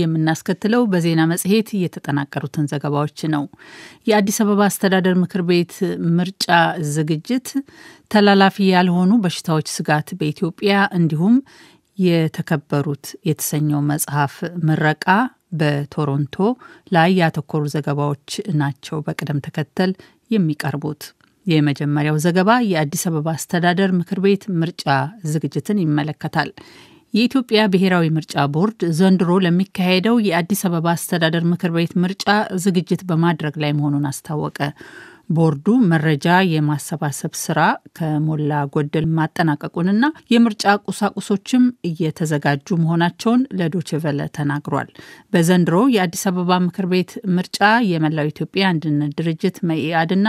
የምናስከትለው በዜና መጽሔት የተጠናቀሩትን ዘገባዎች ነው። የአዲስ አበባ አስተዳደር ምክር ቤት ምርጫ ዝግጅት፣ ተላላፊ ያልሆኑ በሽታዎች ስጋት በኢትዮጵያ እንዲሁም የተከበሩት የተሰኘው መጽሐፍ ምረቃ በቶሮንቶ ላይ ያተኮሩ ዘገባዎች ናቸው በቅደም ተከተል የሚቀርቡት። የመጀመሪያው ዘገባ የአዲስ አበባ አስተዳደር ምክር ቤት ምርጫ ዝግጅትን ይመለከታል። የኢትዮጵያ ብሔራዊ ምርጫ ቦርድ ዘንድሮ ለሚካሄደው የአዲስ አበባ አስተዳደር ምክር ቤት ምርጫ ዝግጅት በማድረግ ላይ መሆኑን አስታወቀ። ቦርዱ መረጃ የማሰባሰብ ስራ ከሞላ ጎደል ማጠናቀቁንና የምርጫ ቁሳቁሶችም እየተዘጋጁ መሆናቸውን ለዶችቨለ ተናግሯል። በዘንድሮ የአዲስ አበባ ምክር ቤት ምርጫ የመላው ኢትዮጵያ አንድነት ድርጅት መኢአድና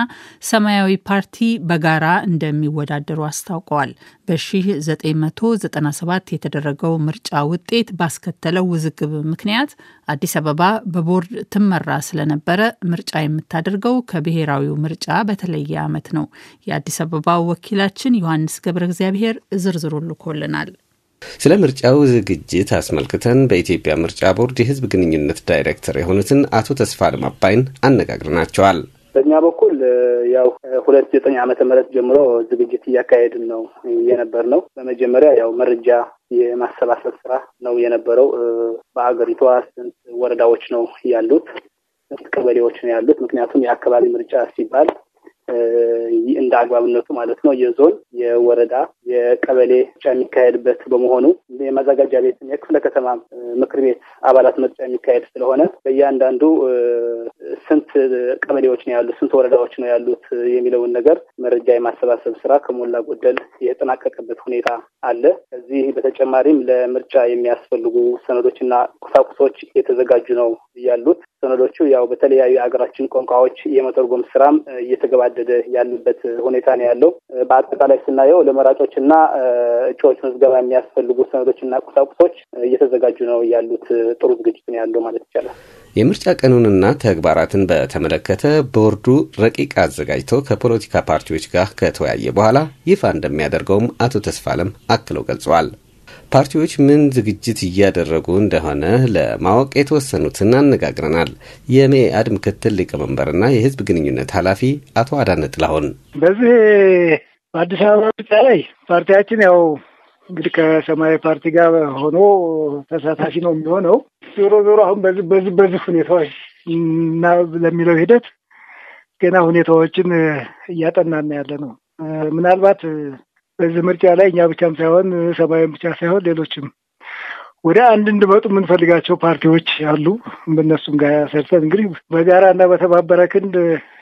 ሰማያዊ ፓርቲ በጋራ እንደሚወዳደሩ አስታውቀዋል። በ1997 የተደረገው ምርጫ ውጤት ባስከተለው ውዝግብ ምክንያት አዲስ አበባ በቦርድ ትመራ ስለነበረ ምርጫ የምታደርገው ከብሔራዊው ምርጫ በተለየ ዓመት ነው። የአዲስ አበባ ወኪላችን ዮሐንስ ገብረ እግዚአብሔር ዝርዝሩ ልኮልናል። ስለ ምርጫው ዝግጅት አስመልክተን በኢትዮጵያ ምርጫ ቦርድ የሕዝብ ግንኙነት ዳይሬክተር የሆኑትን አቶ ተስፋ አለማባይን ናቸዋል። በእኛ በኩል ያው ሁለት ዘጠኝ ዓመተ ምህረት ጀምሮ ዝግጅት እያካሄድን ነው የነበር ነው። በመጀመሪያ ያው መረጃ የማሰባሰብ ስራ ነው የነበረው። በአገሪቷ ስንት ወረዳዎች ነው ያሉት? ስንት ቀበሌዎች ነው ያሉት? ምክንያቱም የአካባቢ ምርጫ ሲባል እንደ አግባብነቱ ማለት ነው የዞን የወረዳ የቀበሌ ምርጫ የሚካሄድበት በመሆኑ የማዘጋጃ ቤትም የክፍለ ከተማ ምክር ቤት አባላት ምርጫ የሚካሄድ ስለሆነ በእያንዳንዱ ስንት ቀበሌዎች ነው ያሉት፣ ስንት ወረዳዎች ነው ያሉት የሚለውን ነገር መረጃ የማሰባሰብ ስራ ከሞላ ጎደል የተጠናቀቀበት ሁኔታ አለ። ከዚህ በተጨማሪም ለምርጫ የሚያስፈልጉ ሰነዶችና ቁሳቁሶች የተዘጋጁ ነው ያሉት። ሰነዶቹ ያው በተለያዩ የሀገራችን ቋንቋዎች የመተርጎም ስራም እየተገባደደ ያለበት ሁኔታ ነው ያለው። በአጠቃላይ ስናየው ለመራጮችና እጩዎች ምዝገባ የሚያስፈልጉ ሰነዶችና ቁሳቁሶች እየተዘጋጁ ነው ያሉት። ጥሩ ዝግጅት ነው ያለው ማለት ይቻላል። የምርጫ ቀኑንና ተግባራትን በተመለከተ ቦርዱ ረቂቅ አዘጋጅቶ ከፖለቲካ ፓርቲዎች ጋር ከተወያየ በኋላ ይፋ እንደሚያደርገውም አቶ ተስፋለም አክለው ገልጸዋል። ፓርቲዎች ምን ዝግጅት እያደረጉ እንደሆነ ለማወቅ የተወሰኑትን አነጋግረናል። የመኢአድ ምክትል ሊቀመንበርና የህዝብ ግንኙነት ኃላፊ አቶ አዳነ ጥላሁን በዚህ በአዲስ አበባ ምርጫ ላይ ፓርቲያችን ያው እንግዲህ ከሰማያዊ ፓርቲ ጋር ሆኖ ተሳታፊ ነው የሚሆነው። ዞሮ ዞሮ አሁን በዚህ በዚህ በዚህ ሁኔታዎች እና ለሚለው ሂደት ገና ሁኔታዎችን እያጠናና ያለ ነው። ምናልባት በዚህ ምርጫ ላይ እኛ ብቻም ሳይሆን ሰማያዊም ብቻ ሳይሆን ሌሎችም ወደ አንድ እንድመጡ የምንፈልጋቸው ፓርቲዎች አሉ። በእነሱም ጋር ሰርተን እንግዲህ በጋራ እና በተባበረ ክንድ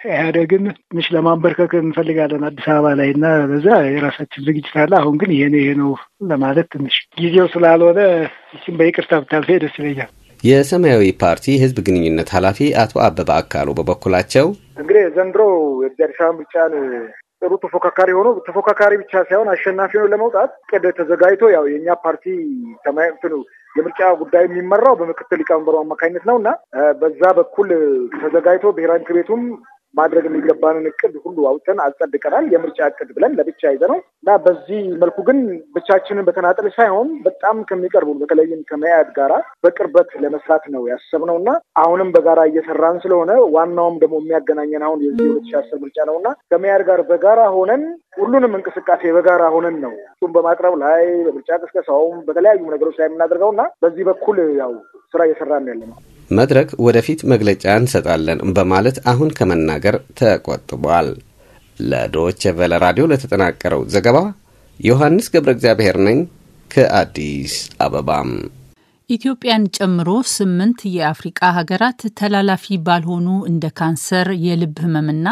ኢህአዴግን ትንሽ ለማንበርከክ እንፈልጋለን አዲስ አበባ ላይ እና በዛ የራሳችን ዝግጅት አለ። አሁን ግን ይሄ ይሄ ነው ለማለት ትንሽ ጊዜው ስላልሆነ እችን በይቅርታ ብታልፈ ደስ ይለኛል። የሰማያዊ ፓርቲ ህዝብ ግንኙነት ኃላፊ አቶ አበባ አካሉ በበኩላቸው እንግዲህ ዘንድሮ የአዲስ አበባ ምርጫን ጥሩ ተፎካካሪ ሆኖ ተፎካካሪ ብቻ ሳይሆን አሸናፊ ሆኖ ለመውጣት ቅድ ተዘጋጅቶ ያው የእኛ ፓርቲ ሰማያዊ እንትኑ የምርጫ ጉዳይ የሚመራው በምክትል ሊቀመንበሩ አማካኝነት ነው እና በዛ በኩል ተዘጋጅቶ ብሔራዊ ምክር ቤቱም ማድረግ የሚገባንን እቅድ ሁሉ አውጥተን አጸድቀናል። የምርጫ እቅድ ብለን ለብቻ ነው እና በዚህ መልኩ ግን ብቻችንን በተናጠል ሳይሆን በጣም ከሚቀርቡ በተለይም ከመያድ ጋራ በቅርበት ለመስራት ነው ያሰብነው እና አሁንም በጋራ እየሰራን ስለሆነ ዋናውም ደግሞ የሚያገናኘን አሁን የዚህ ሁለት ሺ አስር ምርጫ ነው እና ከመያድ ጋር በጋራ ሆነን ሁሉንም እንቅስቃሴ በጋራ ሆነን ነው እሱም በማቅረብ ላይ በምርጫ ቅስቀሳውም በተለያዩ ነገሮች ላይ የምናደርገው እና በዚህ በኩል ያው ስራ እየሰራን ነው ያለ ነው። መድረክ ወደፊት መግለጫ እንሰጣለን በማለት አሁን ከመናገር ተቆጥቧል። ለዶች ቨለ ራዲዮ ለተጠናቀረው ዘገባ ዮሐንስ ገብረ እግዚአብሔር ነኝ ከአዲስ አበባም። ኢትዮጵያን ጨምሮ ስምንት የአፍሪቃ ሀገራት ተላላፊ ባልሆኑ እንደ ካንሰር፣ የልብ ህመምና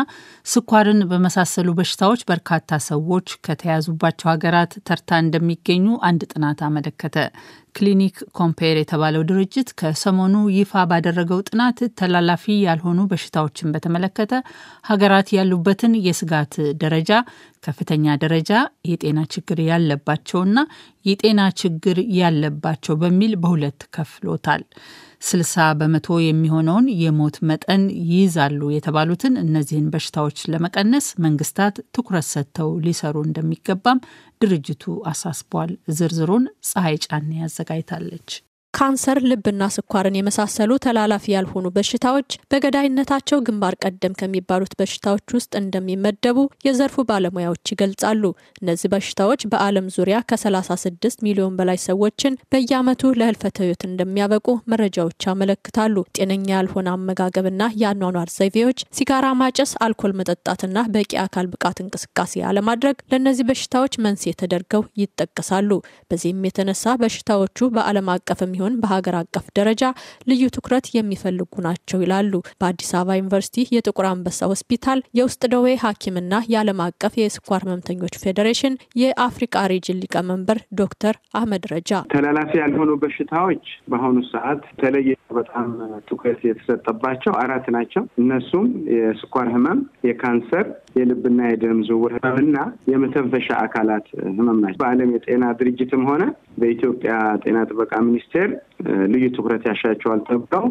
ስኳርን በመሳሰሉ በሽታዎች በርካታ ሰዎች ከተያዙባቸው ሀገራት ተርታ እንደሚገኙ አንድ ጥናት አመለከተ። ክሊኒክ ኮምፔር የተባለው ድርጅት ከሰሞኑ ይፋ ባደረገው ጥናት ተላላፊ ያልሆኑ በሽታዎችን በተመለከተ ሀገራት ያሉበትን የስጋት ደረጃ፣ ከፍተኛ ደረጃ፣ የጤና ችግር ያለባቸውና የጤና ችግር ያለባቸው በሚል በሁለት ከፍሎታል። 60 በመቶ የሚሆነውን የሞት መጠን ይይዛሉ የተባሉትን እነዚህን በሽታዎች ለመቀነስ መንግስታት ትኩረት ሰጥተው ሊሰሩ እንደሚገባም ድርጅቱ አሳስቧል። ዝርዝሩን ፀሐይ ጫኔ ያዘጋጅታለች። ካንሰር፣ ልብና ስኳርን የመሳሰሉ ተላላፊ ያልሆኑ በሽታዎች በገዳይነታቸው ግንባር ቀደም ከሚባሉት በሽታዎች ውስጥ እንደሚመደቡ የዘርፉ ባለሙያዎች ይገልጻሉ። እነዚህ በሽታዎች በዓለም ዙሪያ ከ36 ሚሊዮን በላይ ሰዎችን በየዓመቱ ለህልፈተ እንደሚያበቁ መረጃዎች ያመለክታሉ። ጤነኛ ያልሆነ አመጋገብና የአኗኗር ዘይቤዎች፣ ሲጋራ ማጨስ፣ አልኮል መጠጣትና በቂ አካል ብቃት እንቅስቃሴ አለማድረግ ለእነዚህ በሽታዎች መንስኤ ተደርገው ይጠቀሳሉ። በዚህም የተነሳ በሽታዎቹ በዓለም አቀፍ የሚሆን በሀገር አቀፍ ደረጃ ልዩ ትኩረት የሚፈልጉ ናቸው ይላሉ። በአዲስ አበባ ዩኒቨርሲቲ የጥቁር አንበሳ ሆስፒታል የውስጥ ደዌ ሐኪምና የዓለም አቀፍ የስኳር ህመምተኞች ፌዴሬሽን የአፍሪቃ ሪጅን ሊቀመንበር ዶክተር አህመድ ረጃ ተላላፊ ያልሆኑ በሽታዎች በአሁኑ ሰዓት ተለየ በጣም ትኩረት የተሰጠባቸው አራት ናቸው። እነሱም የስኳር ህመም፣ የካንሰር፣ የልብና የደም ዝውውር ህመምና የመተንፈሻ አካላት ህመም ናቸው። በዓለም የጤና ድርጅትም ሆነ በኢትዮጵያ ጤና ጥበቃ ሚኒስቴር ልዩ ትኩረት ያሻቸዋል ተብለው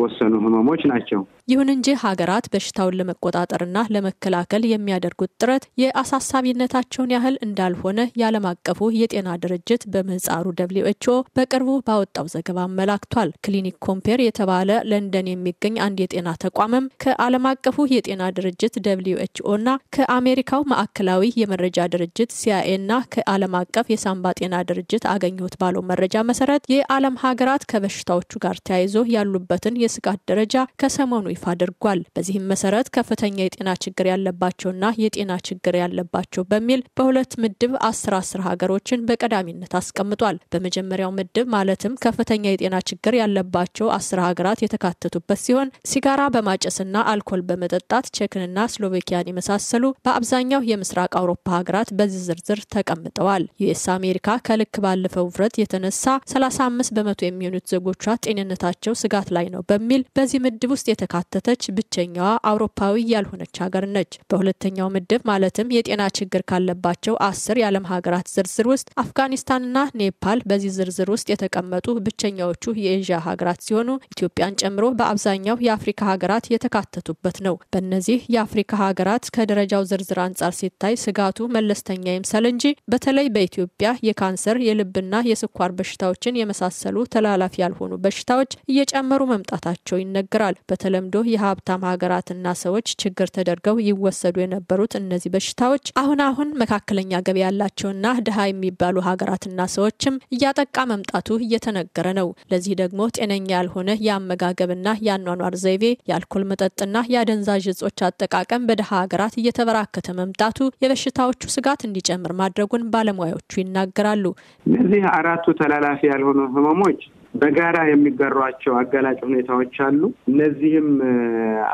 ወሰኑ ህመሞች ናቸው። ይሁን እንጂ ሀገራት በሽታውን ለመቆጣጠርና ለመከላከል የሚያደርጉት ጥረት የአሳሳቢነታቸውን ያህል እንዳልሆነ የዓለም አቀፉ የጤና ድርጅት በምህጻሩ ደብሊው ኤችኦ በቅርቡ ባወጣው ዘገባ አመላክቷል። ክሊኒክ ኮምፔር የተባለ ለንደን የሚገኝ አንድ የጤና ተቋምም ከዓለም አቀፉ የጤና ድርጅት ደብሊው ኤች እና ከአሜሪካው ማዕከላዊ የመረጃ ድርጅት ሲአይኤ እና ከዓለም አቀፍ የሳምባ ጤና ድርጅት አገኘሁት ባለው መረጃ መሰረት የዓለም ሀገራት ከበሽታዎቹ ጋር ተያይዞ ያሉበትን የስጋት ደረጃ ከሰሞኑ ይፋ አድርጓል። በዚህም መሰረት ከፍተኛ የጤና ችግር ያለባቸውና የጤና ችግር ያለባቸው በሚል በሁለት ምድብ አስር አስር ሀገሮችን በቀዳሚነት አስቀምጧል። በመጀመሪያው ምድብ ማለትም ከፍተኛ የጤና ችግር ያለባቸው አስር ሀገራት የተካተቱበት ሲሆን ሲጋራ በማጨስና አልኮል በመጠጣት ቼክንና ስሎቬኪያን የመሳሰሉ በአብዛኛው የምስራቅ አውሮፓ ሀገራት በዚህ ዝርዝር ተቀምጠዋል። ዩኤስ አሜሪካ ከልክ ባለፈው ውፍረት የተነሳ 35 በመቶ የሚሆኑት ዜጎቿ ጤንነታቸው ስጋት ላይ ነው በሚል በዚህ ምድብ ውስጥ የተካተተች ብቸኛዋ አውሮፓዊ ያልሆነች ሀገር ነች። በሁለተኛው ምድብ ማለትም የጤና ችግር ካለባቸው አስር የዓለም ሀገራት ዝርዝር ውስጥ አፍጋኒስታንና ኔፓል በዚህ ዝርዝር ውስጥ የተቀመጡ ብቸኛዎቹ የኤዥያ ሀገራት ሲሆኑ ኢትዮጵያን ጨምሮ በአብዛኛው የአፍሪካ ሀገራት የተካተቱበት ነው። በእነዚህ የአፍሪካ ሀገራት ከደረጃው ዝርዝር አንጻር ሲታይ ስጋቱ መለስተኛ ይምሰል እንጂ በተለይ በኢትዮጵያ የካንሰር፣ የልብና የስኳር በሽታዎችን የመሳሰሉ ተላላፊ ያልሆኑ በሽታዎች እየጨመሩ መምጣት መምጣታቸው ይነገራል። በተለምዶ የሀብታም ሀገራትና ሰዎች ችግር ተደርገው ይወሰዱ የነበሩት እነዚህ በሽታዎች አሁን አሁን መካከለኛ ገቢ ያላቸውና ድሃ የሚባሉ ሀገራትና ሰዎችም እያጠቃ መምጣቱ እየተነገረ ነው። ለዚህ ደግሞ ጤነኛ ያልሆነ የአመጋገብና የአኗኗር ዘይቤ፣ የአልኮል መጠጥና የአደንዛዥ እጾች አጠቃቀም በድሃ ሀገራት እየተበራከተ መምጣቱ የበሽታዎቹ ስጋት እንዲጨምር ማድረጉን ባለሙያዎቹ ይናገራሉ። እነዚህ አራቱ ተላላፊ ያልሆኑ ህመሞች በጋራ የሚገሯቸው አጋላጭ ሁኔታዎች አሉ። እነዚህም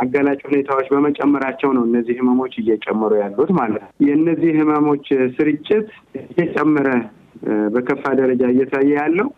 አጋላጭ ሁኔታዎች በመጨመራቸው ነው እነዚህ ህመሞች እየጨመሩ ያሉት ማለት ነው። የእነዚህ ህመሞች ስርጭት እየጨመረ በከፋ ደረጃ እየታየ ያለው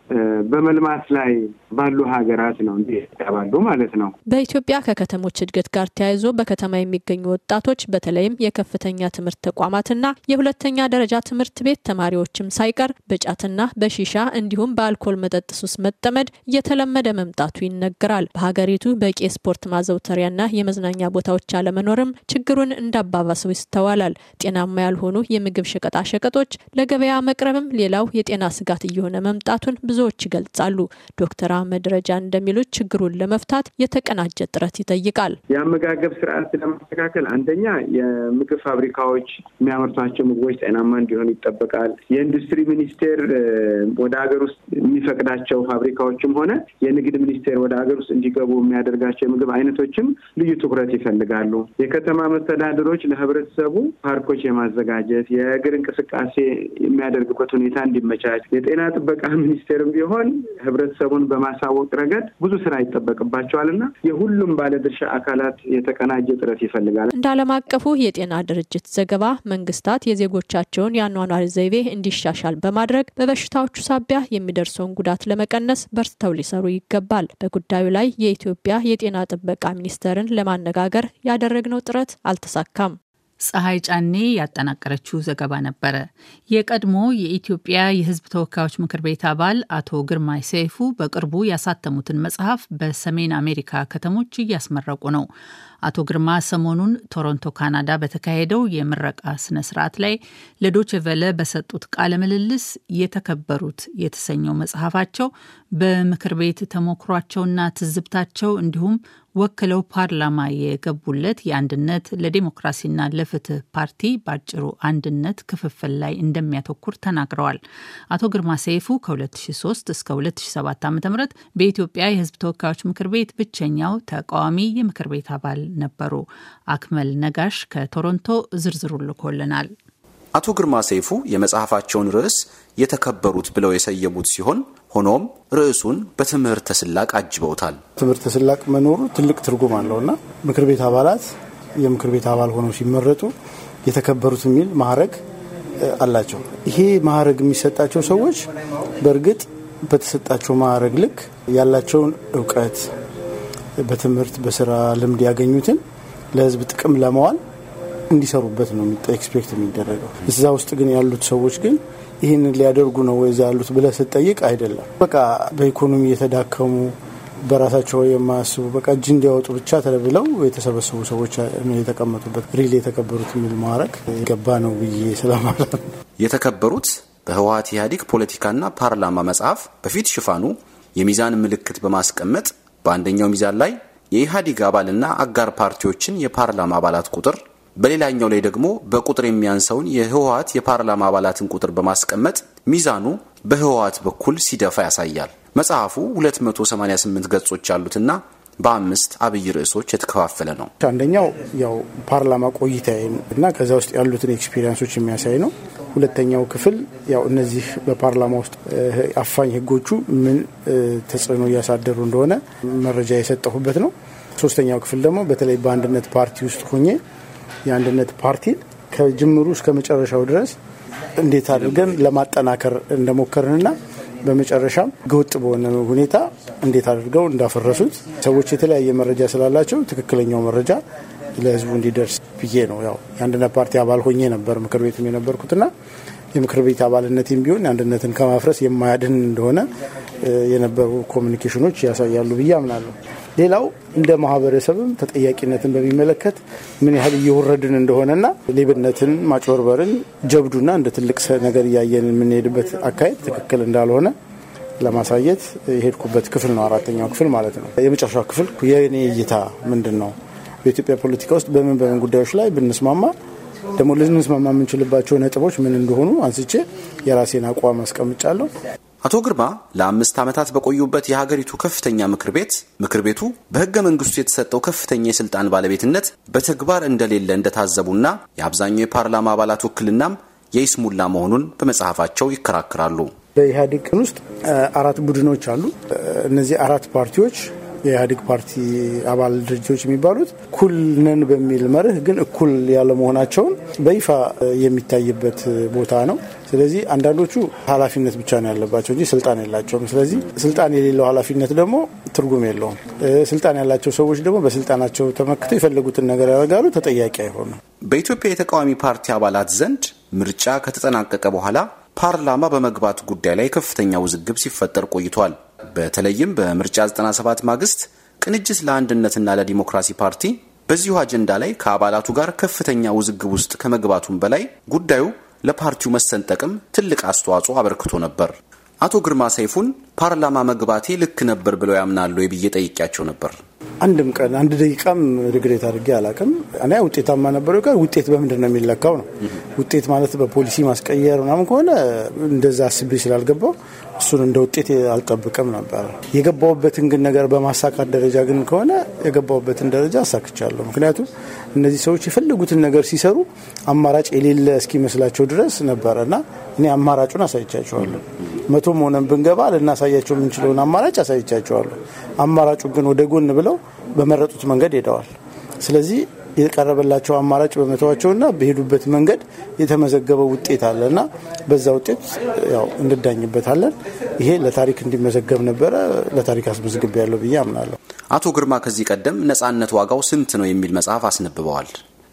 በመልማት ላይ ባሉ ሀገራት ነው እንዲህ ባሉ ማለት ነው። በኢትዮጵያ ከከተሞች እድገት ጋር ተያይዞ በከተማ የሚገኙ ወጣቶች በተለይም የከፍተኛ ትምህርት ተቋማትና የሁለተኛ ደረጃ ትምህርት ቤት ተማሪዎችም ሳይቀር በጫትና በሺሻ እንዲሁም በአልኮል መጠጥ ሱስ መጠመድ እየተለመደ መምጣቱ ይነገራል። በሀገሪቱ በቂ የስፖርት ማዘውተሪያና የመዝናኛ ቦታዎች አለመኖርም ችግሩን እንዳባባሰው ይስተዋላል። ጤናማ ያልሆኑ የምግብ ሸቀጣሸቀጦች ለገበያ መቅረብም ሌላው የጤና ስጋት እየሆነ መምጣቱን ብዙዎች ይገልጻሉ። ዶክተር አህመድ ረጃ እንደሚሉት ችግሩን ለመፍታት የተቀናጀ ጥረት ይጠይቃል። የአመጋገብ ስርዓት ለማስተካከል አንደኛ የምግብ ፋብሪካዎች የሚያመርቷቸው ምግቦች ጤናማ እንዲሆኑ ይጠበቃል። የኢንዱስትሪ ሚኒስቴር ወደ ሀገር ውስጥ የሚፈቅዳቸው ፋብሪካዎችም ሆነ የንግድ ሚኒስቴር ወደ ሀገር ውስጥ እንዲገቡ የሚያደርጋቸው የምግብ አይነቶችም ልዩ ትኩረት ይፈልጋሉ። የከተማ መስተዳድሮች ለህብረተሰቡ ፓርኮች የማዘጋጀት የእግር እንቅስቃሴ የሚያደርግበት ሁኔታ ሁኔታ እንዲመቻች የጤና ጥበቃ ሚኒስቴርም ቢሆን ህብረተሰቡን በማሳወቅ ረገድ ብዙ ስራ ይጠበቅባቸዋልና የሁሉም ባለድርሻ አካላት የተቀናጀ ጥረት ይፈልጋል። እንደ ዓለም አቀፉ የጤና ድርጅት ዘገባ መንግስታት የዜጎቻቸውን የአኗኗር ዘይቤ እንዲሻሻል በማድረግ በበሽታዎቹ ሳቢያ የሚደርሰውን ጉዳት ለመቀነስ በርትተው ሊሰሩ ይገባል። በጉዳዩ ላይ የኢትዮጵያ የጤና ጥበቃ ሚኒስቴርን ለማነጋገር ያደረግነው ጥረት አልተሳካም። ፀሐይ ጫኔ ያጠናቀረችው ዘገባ ነበረ። የቀድሞ የኢትዮጵያ የሕዝብ ተወካዮች ምክር ቤት አባል አቶ ግርማይ ሰይፉ በቅርቡ ያሳተሙትን መጽሐፍ በሰሜን አሜሪካ ከተሞች እያስመረቁ ነው። አቶ ግርማ ሰሞኑን ቶሮንቶ ካናዳ በተካሄደው የምረቃ ስነ ስርዓት ላይ ለዶቼ ቨለ በሰጡት ቃለ ምልልስ የተከበሩት የተሰኘው መጽሐፋቸው በምክር ቤት ተሞክሯቸውና ትዝብታቸው እንዲሁም ወክለው ፓርላማ የገቡለት የአንድነት ለዲሞክራሲና ለፍትህ ፓርቲ በአጭሩ አንድነት ክፍፍል ላይ እንደሚያተኩር ተናግረዋል። አቶ ግርማ ሰይፉ ከ2003 እስከ 2007 .ም በኢትዮጵያ የህዝብ ተወካዮች ምክር ቤት ብቸኛው ተቃዋሚ የምክር ቤት አባል ነበሩ። አክመል ነጋሽ ከቶሮንቶ ዝርዝሩ ልኮልናል። አቶ ግርማ ሰይፉ የመጽሐፋቸውን ርዕስ የተከበሩት ብለው የሰየሙት ሲሆን ሆኖም ርዕሱን በትምህርተ ስላቅ አጅበውታል። ትምህርተ ስላቅ መኖሩ ትልቅ ትርጉም አለውና ምክር ቤት አባላት የምክር ቤት አባል ሆነው ሲመረጡ የተከበሩት የሚል ማዕረግ አላቸው። ይሄ ማዕረግ የሚሰጣቸው ሰዎች በእርግጥ በተሰጣቸው ማዕረግ ልክ ያላቸውን እውቀት በትምህርት በስራ ልምድ ያገኙትን ለህዝብ ጥቅም ለመዋል እንዲሰሩበት ነው ኤክስፔክት የሚደረገው። እዛ ውስጥ ግን ያሉት ሰዎች ግን ይህንን ሊያደርጉ ነው ወይዛ ያሉት ብለህ ስትጠይቅ አይደለም። በቃ በኢኮኖሚ የተዳከሙ በራሳቸው የማያስቡ በቃ እጅ እንዲያወጡ ብቻ ተብለው የተሰበሰቡ ሰዎች የተቀመጡበት ሪል የተከበሩት የሚል ማዕረግ ገባ ነው ብዬ ስለማለት የተከበሩት በህወሀት ኢህአዴግ ፖለቲካና ፓርላማ መጽሐፍ በፊት ሽፋኑ የሚዛን ምልክት በማስቀመጥ በአንደኛው ሚዛን ላይ የኢህአዴግ አባልና አጋር ፓርቲዎችን የፓርላማ አባላት ቁጥር በሌላኛው ላይ ደግሞ በቁጥር የሚያንሰውን የህወሀት የፓርላማ አባላትን ቁጥር በማስቀመጥ ሚዛኑ በህወሀት በኩል ሲደፋ ያሳያል። መጽሐፉ 288 ገጾች ያሉትና በአምስት አብይ ርዕሶች የተከፋፈለ ነው። አንደኛው ያው ፓርላማ ቆይታዬ እና ከዛ ውስጥ ያሉትን ኤክስፒሪንሶች የሚያሳይ ነው። ሁለተኛው ክፍል ያው እነዚህ በፓርላማ ውስጥ አፋኝ ህጎቹ ምን ተጽዕኖ እያሳደሩ እንደሆነ መረጃ የሰጠሁበት ነው። ሶስተኛው ክፍል ደግሞ በተለይ በአንድነት ፓርቲ ውስጥ ሆኜ የአንድነት ፓርቲን ከጅምሩ እስከ መጨረሻው ድረስ እንዴት አድርገን ለማጠናከር እንደሞከርንና በመጨረሻም ህገወጥ በሆነ ሁኔታ እንዴት አድርገው እንዳፈረሱት ሰዎች የተለያየ መረጃ ስላላቸው ትክክለኛው መረጃ ለህዝቡ እንዲደርስ ብዬ ነው። ያው የአንድነት ፓርቲ አባል ሆኜ ነበር ምክር ቤትም የነበርኩትና የምክር ቤት አባልነትም ቢሆን አንድነትን ከማፍረስ የማያድን እንደሆነ የነበሩ ኮሚኒኬሽኖች ያሳያሉ ብዬ አምናለሁ። ሌላው እንደ ማህበረሰብም ተጠያቂነትን በሚመለከት ምን ያህል እየወረድን እንደሆነና ሌብነትን፣ ማጭበርበርን ጀብዱና እንደ ትልቅ ነገር እያየን የምንሄድበት አካሄድ ትክክል እንዳልሆነ ለማሳየት የሄድኩበት ክፍል ነው። አራተኛው ክፍል ማለት ነው። የመጨረሻው ክፍል የኔ እይታ ምንድን ነው? በኢትዮጵያ ፖለቲካ ውስጥ በምን በምን ጉዳዮች ላይ ብንስማማ ደግሞ ልንስማማ የምንችልባቸው ነጥቦች ምን እንደሆኑ አንስቼ የራሴን አቋም አስቀምጫለሁ። አቶ ግርማ ለአምስት ዓመታት በቆዩበት የሀገሪቱ ከፍተኛ ምክር ቤት ምክር ቤቱ በህገ መንግስቱ የተሰጠው ከፍተኛ የስልጣን ባለቤትነት በተግባር እንደሌለ እንደታዘቡና የአብዛኛው የፓርላማ አባላት ውክልናም የይስሙላ መሆኑን በመጽሐፋቸው ይከራክራሉ። በኢህአዴግ ቀን ውስጥ አራት ቡድኖች አሉ። እነዚህ አራት ፓርቲዎች የኢህአዴግ ፓርቲ አባል ድርጅቶች የሚባሉት እኩል ነን በሚል መርህ ግን እኩል ያለመሆናቸውን በይፋ የሚታይበት ቦታ ነው። ስለዚህ አንዳንዶቹ ኃላፊነት ብቻ ነው ያለባቸው እንጂ ስልጣን የላቸውም። ስለዚህ ስልጣን የሌለው ኃላፊነት ደግሞ ትርጉም የለውም። ስልጣን ያላቸው ሰዎች ደግሞ በስልጣናቸው ተመክተው የፈለጉትን ነገር ያደርጋሉ፣ ተጠያቂ አይሆኑ። በኢትዮጵያ የተቃዋሚ ፓርቲ አባላት ዘንድ ምርጫ ከተጠናቀቀ በኋላ ፓርላማ በመግባት ጉዳይ ላይ ከፍተኛ ውዝግብ ሲፈጠር ቆይቷል። በተለይም በምርጫ 97 ማግስት ቅንጅት ለአንድነትና ለዲሞክራሲ ፓርቲ በዚሁ አጀንዳ ላይ ከአባላቱ ጋር ከፍተኛ ውዝግብ ውስጥ ከመግባቱም በላይ ጉዳዩ ለፓርቲው መሰንጠቅም ትልቅ አስተዋጽኦ አበርክቶ ነበር። አቶ ግርማ ሰይፉን ፓርላማ መግባቴ ልክ ነበር ብለው ያምናሉ ብዬ ጠይቄያቸው ነበር። አንድም ቀን አንድ ደቂቃም ሪግሬት አድርጌ አላውቅም። እኔ ውጤታማ ነበረው ጋር ውጤት በምንድን ነው የሚለካው ነው። ውጤት ማለት በፖሊሲ ማስቀየር ምናምን ከሆነ እንደዛ አስቤ ስላልገባው እሱን እንደ ውጤት አልጠብቅም ነበር። የገባውበትን ግን ነገር በማሳካት ደረጃ ግን ከሆነ የገባውበትን ደረጃ አሳክቻለሁ። ምክንያቱም እነዚህ ሰዎች የፈለጉትን ነገር ሲሰሩ አማራጭ የሌለ እስኪመስላቸው ድረስ ነበረ እና እኔ አማራጩን አሳይቻቸዋለሁ። መቶም ሆነን ብንገባ ልናሳያቸው የምንችለውን አማራጭ አሳይቻቸዋለሁ። አማራጩ ግን ወደ ጎን ብለው በመረጡት መንገድ ሄደዋል። ስለዚህ የቀረበላቸው አማራጭ በመተዋቸውና በሄዱበት መንገድ የተመዘገበ ውጤት አለ እና በዛ ውጤት ያው እንዳኝበታለን። ይሄ ለታሪክ እንዲመዘገብ ነበረ። ለታሪክ አስመዝግቤ ያለው ብዬ አምናለሁ። አቶ ግርማ ከዚህ ቀደም ነጻነት ዋጋው ስንት ነው የሚል መጽሐፍ አስነብበዋል።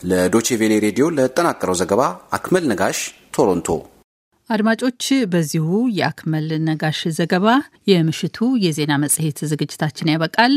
ለዶቼቬሌ ሬዲዮ ለጠናቀረው ዘገባ አክመል ነጋሽ ቶሮንቶ። አድማጮች፣ በዚሁ የአክመል ነጋሽ ዘገባ የምሽቱ የዜና መጽሔት ዝግጅታችን ያበቃል።